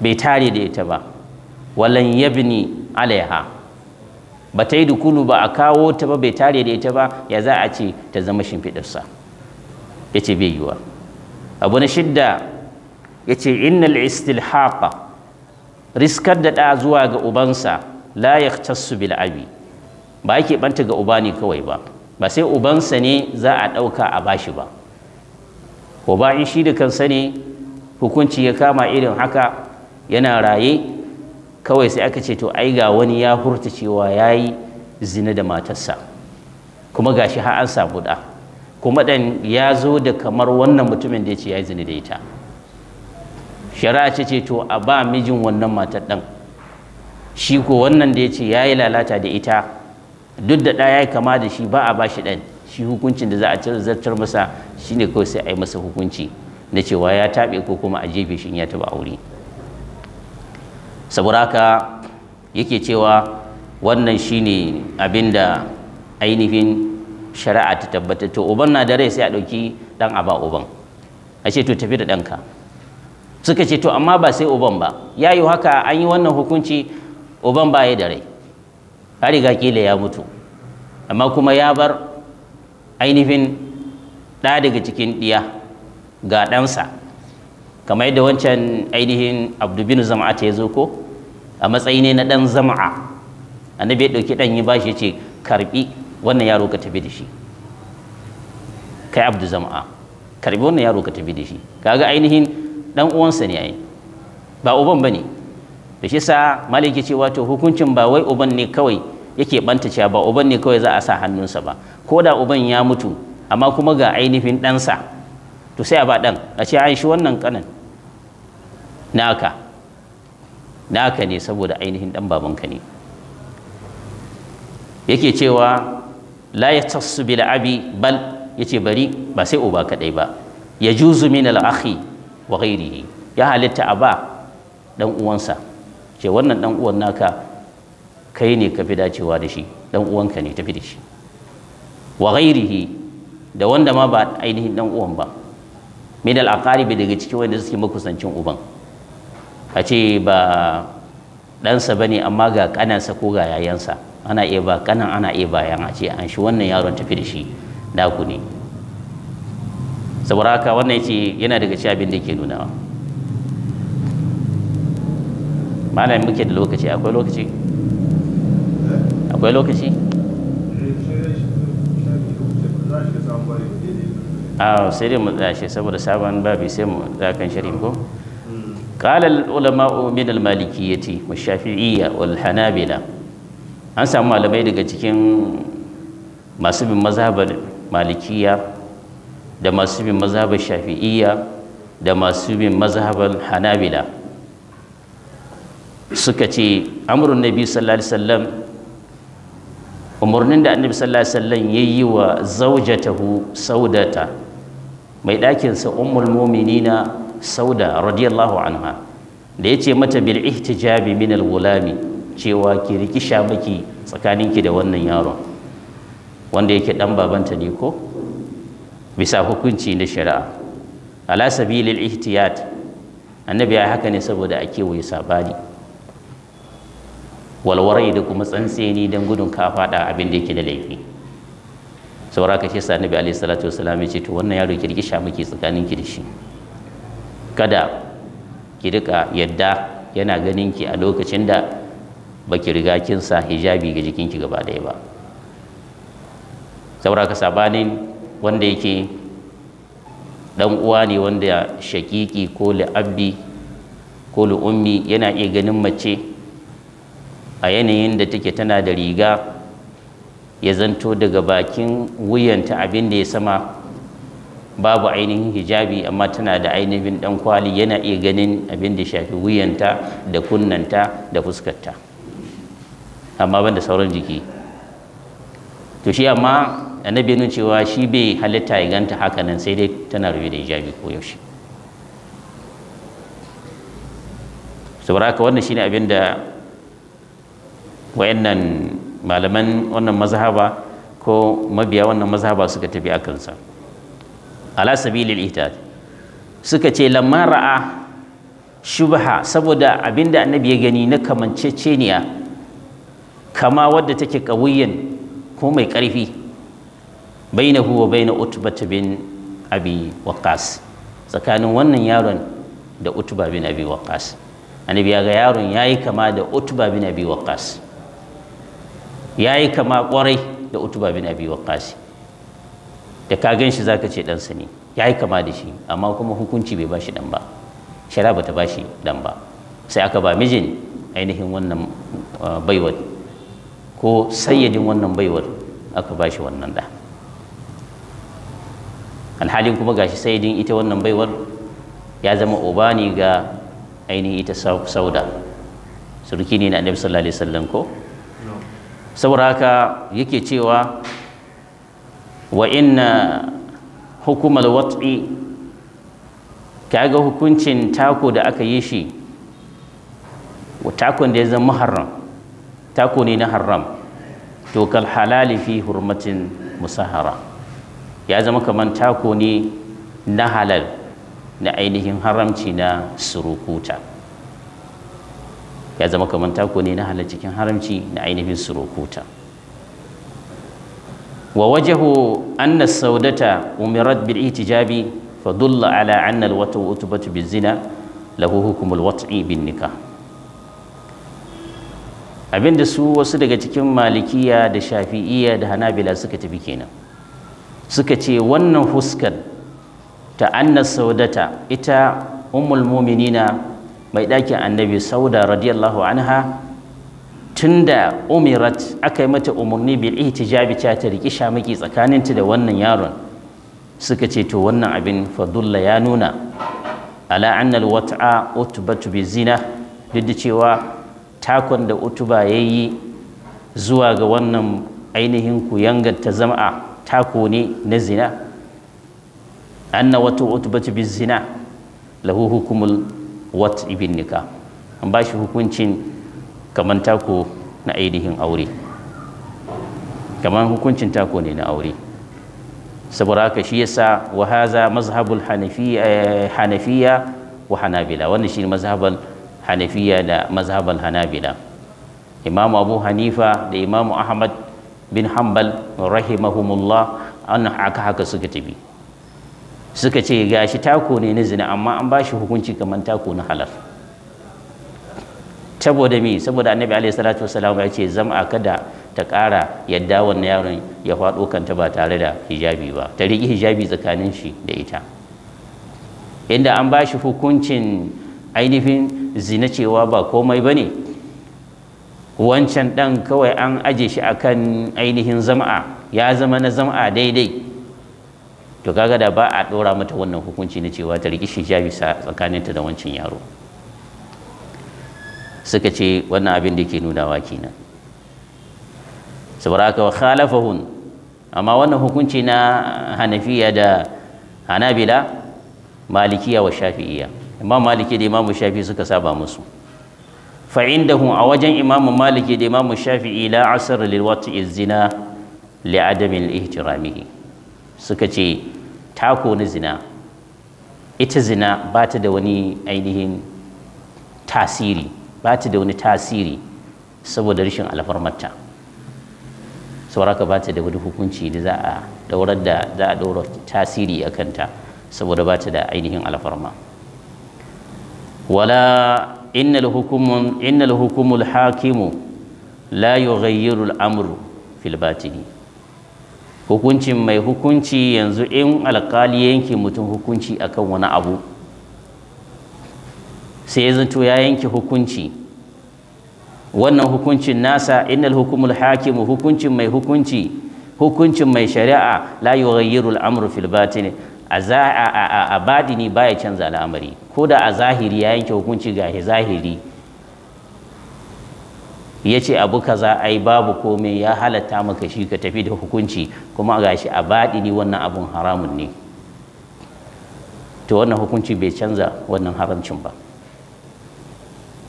bai tare da ita ba walan yabni alaiha ba ta yi dukulu ba a kawo ta ba bai tare da ita ba ya za a ce ta zama shimfiɗarsa ya ce bai yiwa abu na shidda ya ce innal istilhaqa riskar da ɗa zuwa ga ubansa la yahtassu bil abi ba yake ɓanta ga uba ne kawai ba ba sai ubansa ne za a ɗauka a bashi ba ko ba in shi da kansa ne hukunci ya kama irin haka yana raye kawai sai aka ce to ai ga wani ya furta cewa ya yi zina da matarsa kuma gashi har an samu ɗa kuma ɗan ya zo da kamar wannan mutumin da ya ce ya yi zini da ita shari'a ce ce to a ba mijin wannan matar ɗan shi ko wannan da ya ce ya yi lalata da ita duk da ɗaya ya kama da shi ba a ba shi ɗan shi hukuncin da za a zartar masa shine kawai sai a yi masa hukunci na cewa ya taɓe ko kuma a jefe shi ya taɓa aure saboda haka yake cewa wannan shine abin da ainihin shari'a ta tabbata to uban na da rai sai a ɗauki ɗan a uban a ce to tafi da ɗanka suka ce to amma ba sai uban ba ya yi haka an yi wannan hukunci uban ba ya da rai ka riga kila ya mutu amma kuma ya bar ainihin ɗa daga cikin ɗiya ga ɗansa kamar yadda wancan ainihin abdu bin zama'a ta ya zo ko a matsayi ne na ɗan zama'a annabi ya ɗauki ɗan yi bashi ya ce karɓi wannan yaro ka tafi da shi kai abdu zama'a karbi wannan yaro ka tafi da shi kaga ainihin dan uwansa ne yi. ba uban bane da shi sa malik ce wato hukuncin ba wai uban ne kawai yake banta cewa ba uban ne kawai za a sa hannunsa ba ko da uban ya mutu amma kuma ga ainihin ɗansa to sai a ba ɗan a ce shi wannan kanan naka naka ne saboda ainihin ɗan babanka ne yake cewa la yatassu bil abi bal yace bari ba sai uba kadai ba juzu min al akhi wa ghairihi ya halitta ba dan uwansa ce wannan dan uwan naka kai ne ka fi dacewa da shi dan uwanka ne tafi da shi wa ghairihi da wanda ma ba ainihin dan uwan ba min al aqaribi daga cikin wanda suke makusancin uban a ce ba ɗansa bane amma ga kanansa ko ga yayansa ana iya ba kanan ana iya bayan a ce an shi wannan yaron tafi da shi naku ne saboda haka wannan yace yana daga ci abin da ke nunawa malam muke da lokaci akwai lokaci akwai lokaci a sai dai mu tsashe saboda sabon babi sai mu zakan shirin ko قال العلماء من المالكية والشافعية والحنابلة an samu malamai daga cikin masu bin mazhabar malikiya da masu bin mazhabar shafi'iyya da masu bin mazhabar hanabila suka ce amurin nabi sallallahu alaihi wasallam umarnin da annabi sallallahu alaihi wasallam ya yi wa zaujatahu saudata mai ɗakinsa ummul muminina sauda radiyallahu anha da ya ce mata bil ihtijabi min al-gulami cewa ki riki tsakanin tsakaninki da wannan yaron wanda yake dan babanta ne ko bisa hukunci na shari'a ala sabilil ihtiyat annabi ya haka ne saboda a kewaye sabani walwarai da kuma tsantseni don gudun ka faɗa abin da yake da laifi saura ka shesa annabi alaihi salatu wasalam ya ce to wannan yaro ki rikisha miki tsakanin ki da shi kada ki rika yadda yana ganin ki a lokacin da baki riga kin sa hijabi ga jikinki gaba ɗaya ba saboda ka sabanin wanda yake dan uwa ne wanda shakiki ko li'abbi ko li'ummi yana iya ganin mace a yanayin da take tana da riga ya zanto daga bakin wuyanta abin da ya sama babu ainihin hijabi amma tana da ainihin dan kwali yana iya ganin abin da shafi wuyanta da kunnanta da fuskarta amma ban da sauran jiki to shi amma annabi nun cewa shi bai halitta ya ganta haka nan sai dai tana rufe da hijabi ko yaushe saboda haka wannan shine abin da wayannan malaman wannan mazhaba ko mabiya wannan mazhaba suka tafi a kansa ala sabilil ihtad suka ce lamma ra'a shubha saboda abinda annabi ya gani na kamanceceniya kama wadda take ƙawiyyan ko mai ƙarfi bainahu huwa baina utbata bin abi waqas tsakanin wannan yaron da utba bin abi waqas annabi ya ga yaron yayi kama da utba bin abi waqas yayi kama kwarai da utba bin abi waqas da ka ganshi shi zaka ce ɗansa ne yayi kama da shi amma kuma hukunci bai bashi dan ba shari'a bata bashi dan ba sai aka ba mijin ainihin wannan uh, baiwa ko sayyadin wannan baiwar aka bashi wannan da alhalin kuma gashi sayyadin ita wannan baiwar ya zama uba ne ga ainihin ita sauda surki ne na annabi sallallahu alaihi wasallam ko saboda haka yake cewa wa inna hukumar watsi kaga hukuncin tako da aka yi shi takon da ya zama muharram tako ne na haram to kal halali fi hurmatin musahara ya zama kamar tako ne na halal na ainihin haramci na surukuta ya zama kamar tako ne na halal cikin haramci na ainihin surukuta wa wajahu anna saudata umirat bil fa fadulla ala anna al wat'u utbatu bizina lahu hukmul wat'i bin nikah abinda su wasu daga cikin malikiya da shafi'iya da hanabila suka tafi kenan suka ce wannan fuskar ta annas saudata ita ummul muminina mai ɗakin annabi sauda radiyallahu anha tunda umirat aka yi mata umarni bil ihtijabi ta ta riki shamaki tsakaninta da wannan yaron suka ce to wannan abin fadulla ya nuna ala anna alwat'a utbatu zina duk da cewa takon da utuba ya yi zuwa ga wannan ainihin ku ta zama tako ne na zina anna wata utubatu bi zina lahu hukumul wat ibin nika an ba shi hukuncin kamar tako na ainihin aure kamar hukuncin tako ne na aure saboda haka shi yasa wa haza mazhabul eh, hanafiya wa hanabila wannan shi hanafiya hanafiya da mazhabal hanabila Imam abu hanifa da Imam ahmad bin hanbal rahimahumullah an haka haka suka tafi suka ce gashi tako ne na zina amma an bashi hukunci kamar tako na halal saboda mi saboda annabi alaihi salatu wasalam ya ce zama kada ta ƙara yadda wannan yaron ya faɗo kanta ba tare da hijabi ba ta riƙi hijabi tsakanin shi da ita inda an bashi hukuncin ainihin zina cewa ba komai ba ne wancan ɗan kawai an aje shi akan ainihin zama'a ya zama na zama'a daidai to kaga da ba a ɗora mata wannan hukunci na cewa ta riƙi hijabi tsakaninta da wancan yaro suka ce wannan abin da ke nunawa kenan saboda haka khalafahun amma wannan hukunci na hanafiya da hanabila malikiya wa shafi'iya imam maliki da imam shafi suka saba musu fa indahu a wajen imam maliki da imam shafi'i la asr lil wat'i zina li adami ihtiramihi suka ce tako na zina ita zina ba ta da wani ainihin tasiri ba ta da wani tasiri saboda rashin alfarmarta sauraka ba ta da wani hukunci da za a daurar daura tasiri a kanta saboda ba ta da ainihin alfarma ولا إن الحكم إن الحكم الحاكم لا يغير الأمر في الباطن hukuncin mai hukunci yanzu in alkali yanke mutum hukunci akan wani abu sai zanto ya yanke hukunci wannan hukuncin nasa innal hukumul hakimu hukuncin mai hukunci hukuncin mai shari'a la yughayyirul amru fil batini a badini baya canza al'amari ko da a zahiri ya yanke hukunci ga zahiri ya ce abu kaza ai babu komai ya halatta maka shi ka tafi da hukunci kuma ga shi a badini wannan abun haramun ne to wannan hukunci bai canza wannan haramcin ba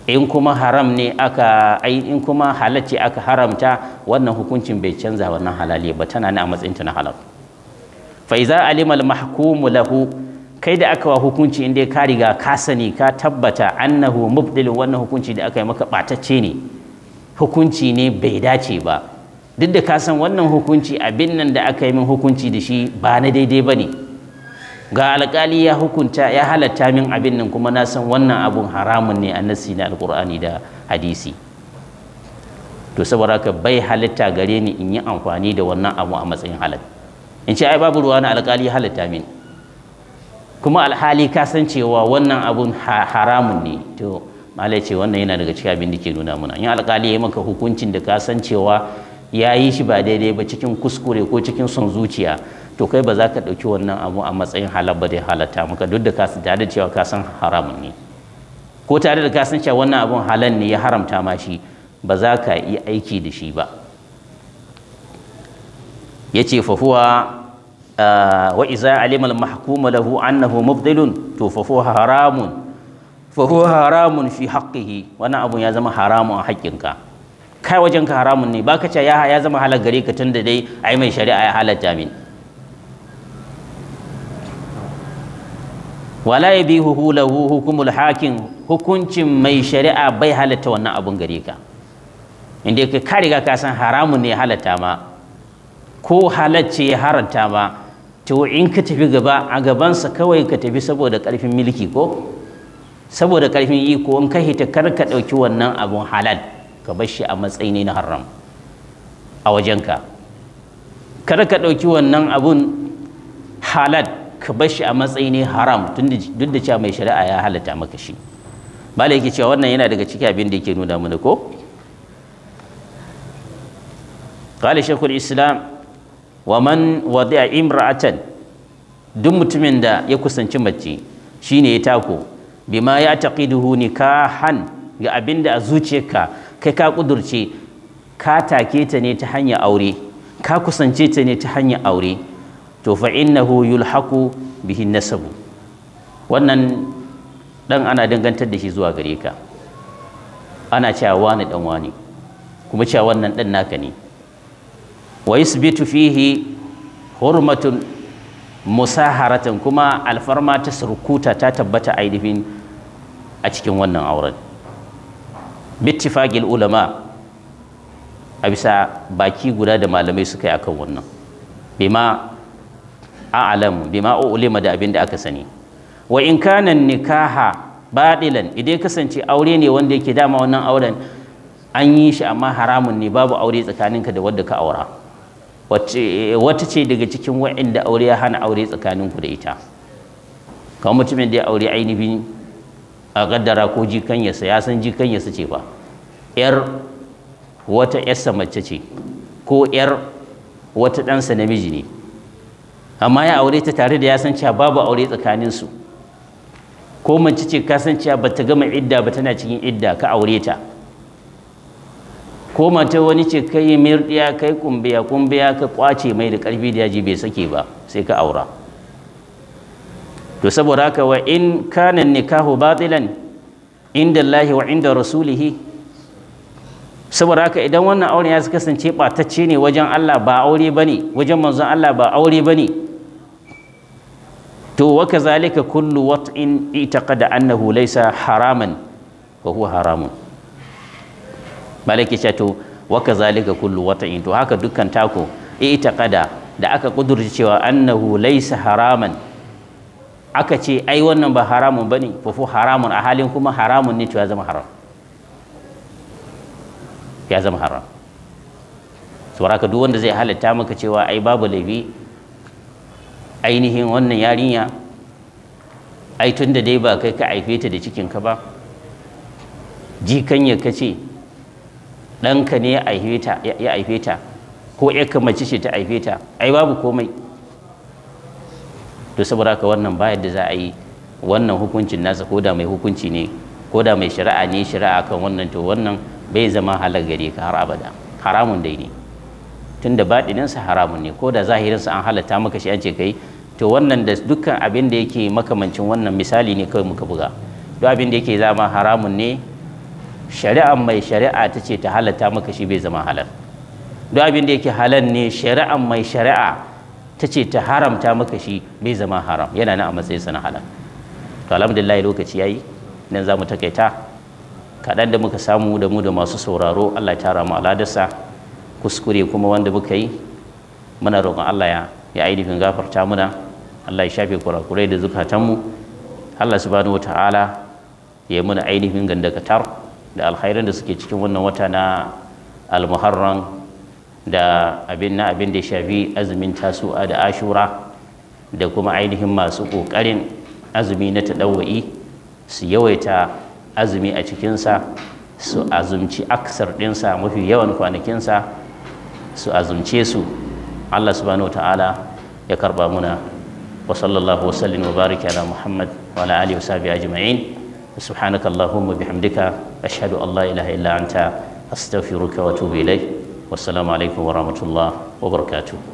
in kuma haram ne aka ai in kuma halacci aka haramta wannan hukuncin bai canza wannan halali ba tana ne a matsayinta na halal fa iza alimal mahkumu lahu kai da aka wa hukunci inda ka riga ka sani ka tabbata annahu mubdil wannan hukunci da aka yi maka batacce ne hukunci ne bai dace ba duk da ka san wannan hukunci abin nan da aka yi min hukunci da shi ba na daidai ba ne ga alƙali ya hukunta ya halatta min abin nan kuma na san wannan abun haramun ne annasi na alƙur'ani da hadisi to saboda haka bai halitta gare ni in yi amfani da wannan abu a matsayin halatta in ce ai babu ruwa na alƙali halatta min. kuma alhali ka san cewa wannan abun haramun ne to malai ce wannan yana daga cikin abin da ke nuna muna in alƙali ya maka hukuncin da ka san cewa ya yi shi ba daidai ba cikin kuskure ko cikin son zuciya to kai ba za ka ɗauki wannan abu a matsayin halal ba dai halatta maka duk da ka tare da cewa ka san haramun ne ko tare da ka san cewa wannan abun halal ne ya haramta ma shi ba za ka yi aiki da shi ba yace fa huwa uh, wa iza alima al-mahkum lahu annahu mubdilun to fa huwa haramun fa huwa haramun fi haqqihi wannan abun ya zama haramun a haƙƙinka kai wajen ka haramun ne baka ce ya ya zama halal gare ka tunda dai ai mai shari'a ya halatta min wala yabihu lahu hukumul hakim hukuncin mai shari'a bai halatta wannan abun gare ka inda kai ka riga ka san haramun ne halatta ma ko halacce ya haranta ba to in ka tafi gaba a gabansa kawai ka tafi saboda karfin milki ko saboda karfin iko in ka hita kar ka ɗauki wannan abun halal ka bar shi a matsayi na haram a wajenka kar ka ɗauki wannan abun halal ka bar shi a matsayi ne haram duk da cewa mai shari'a ya halata maka shi bala yake cewa wannan yana daga cikin abin da yake nuna mana ko قال شيخ الإسلام wa man wadi'a imra'atan duk mutumin da ya kusanci mace shine ya tako bima ya taqiduhu nikahan ga abinda a zuciyarka kai ka kudurce ka take ta ne ta hanyar aure ka kusance ta ne ta hanyar aure to fa innahu yulhaqu bihi nasabu wannan dan ana dangantar da shi zuwa gare ka ana cewa wani dan wani kuma cewa wannan dan naka ne wa yusbitu fihi hurmatun musaharatan kuma alfarma ta surkuta ta tabbata ainihin a cikin wannan auren bittifaqil ulama a bisa baki guda da malamai suka yi kan wannan bima a'lamu bima ulima da abin da aka sani wa in kana nikaha baɗilan idan kasance aure ne wanda yake dama wannan auren an yi shi amma haramun ne babu aure tsakaninka da wadda ka aura wata ce daga cikin wa'inda aure ya hana aure tsakaninku da ita kawai mutumin da ya aure ainihin a gaddara ko yasa ya san yasa ce ba yar wata yarsa mace ce ko yar wata ɗansa namiji ne amma ya aure ta tare da ya san cewa babu aure tsakaninsu ko mace ce ka san cewa ba ta gama idda ba tana cikin idda ka aure ta ko mace wani ce kai mirdiya kai kumbiya kumbiya ka kwace mai da karfi da yaji bai sake ba sai ka aura to saboda haka wa in kana nikahu batilan inda Allah wa inda rasulih saboda haka idan wannan auren ya kasance batacce ne wajen Allah ba aure bane wajen manzon Allah ba aure bane to wa kazalika kullu wat'in itaqada annahu laysa haraman wa huwa haramun malaki ce to waka zalika kullu wata'in to haka dukkan tako kada da aka kudurci cewa annahu laysa haraman aka ce ai wannan ba haramun bane fufu haramun a halin kuma haramun ne to ya zama haram ya zama haram saboda duk wanda zai halatta maka cewa ai babu laifi ainihin wannan yarinya ai tun da dai ba kai ka aifeta ta da cikinka ba jikan ya kace ɗanka ne ya aife ta ko ya mace ce ta aife ta ai babu komai to saboda haka wannan bayan da za a yi wannan hukuncin nasa ko da mai hukunci ne ko da mai shari'a ne shari'a kan wannan to wannan bai zama halar gare ka har abada haramun dai ne tun da baɗininsa haramun ne ko da zahirinsa an halatta maka shi an ce kai to wannan da dukkan abin da yake makamancin wannan misali ne kawai muka buga duk abin da yake zama haramun ne shari'ar mai shari'a ta ce ta halatta maka shi bai zama halal duk abin da yake halal ne shari'ar mai shari'a ta ce ta haramta maka shi bai zama haram yana nan a matsayin sana halal to alhamdulillah lokaci yayi nan za mu takaita kaɗan da muka samu da mu da masu sauraro Allah ya tara mu aladarsa kuskure kuma wanda muka yi muna roƙon Allah ya ya ainihin gafarta muna Allah ya shafe kurakurai da zukatanmu Allah subhanahu ta'ala ya yi muna ainihin gandakatar da alkhairan da suke cikin wannan wata na almuharran da abin na abin da shafi azumin tasu'a da ashura da kuma ainihin masu ƙoƙarin azumi na taɗawa'i su yawaita azumi a cikinsa su azumci aksar ɗinsa mafi yawan kwanakinsa su azumce su allah subhanahu ta'ala ya karɓa muna wa sallallahu wasallin wa barika ala muhammad wa ala alihi wa sahbihi سبحانك اللهم وبحمدك أشهد أن لا إله إلا أنت أستغفرك وأتوب إليك والسلام عليكم ورحمة الله وبركاته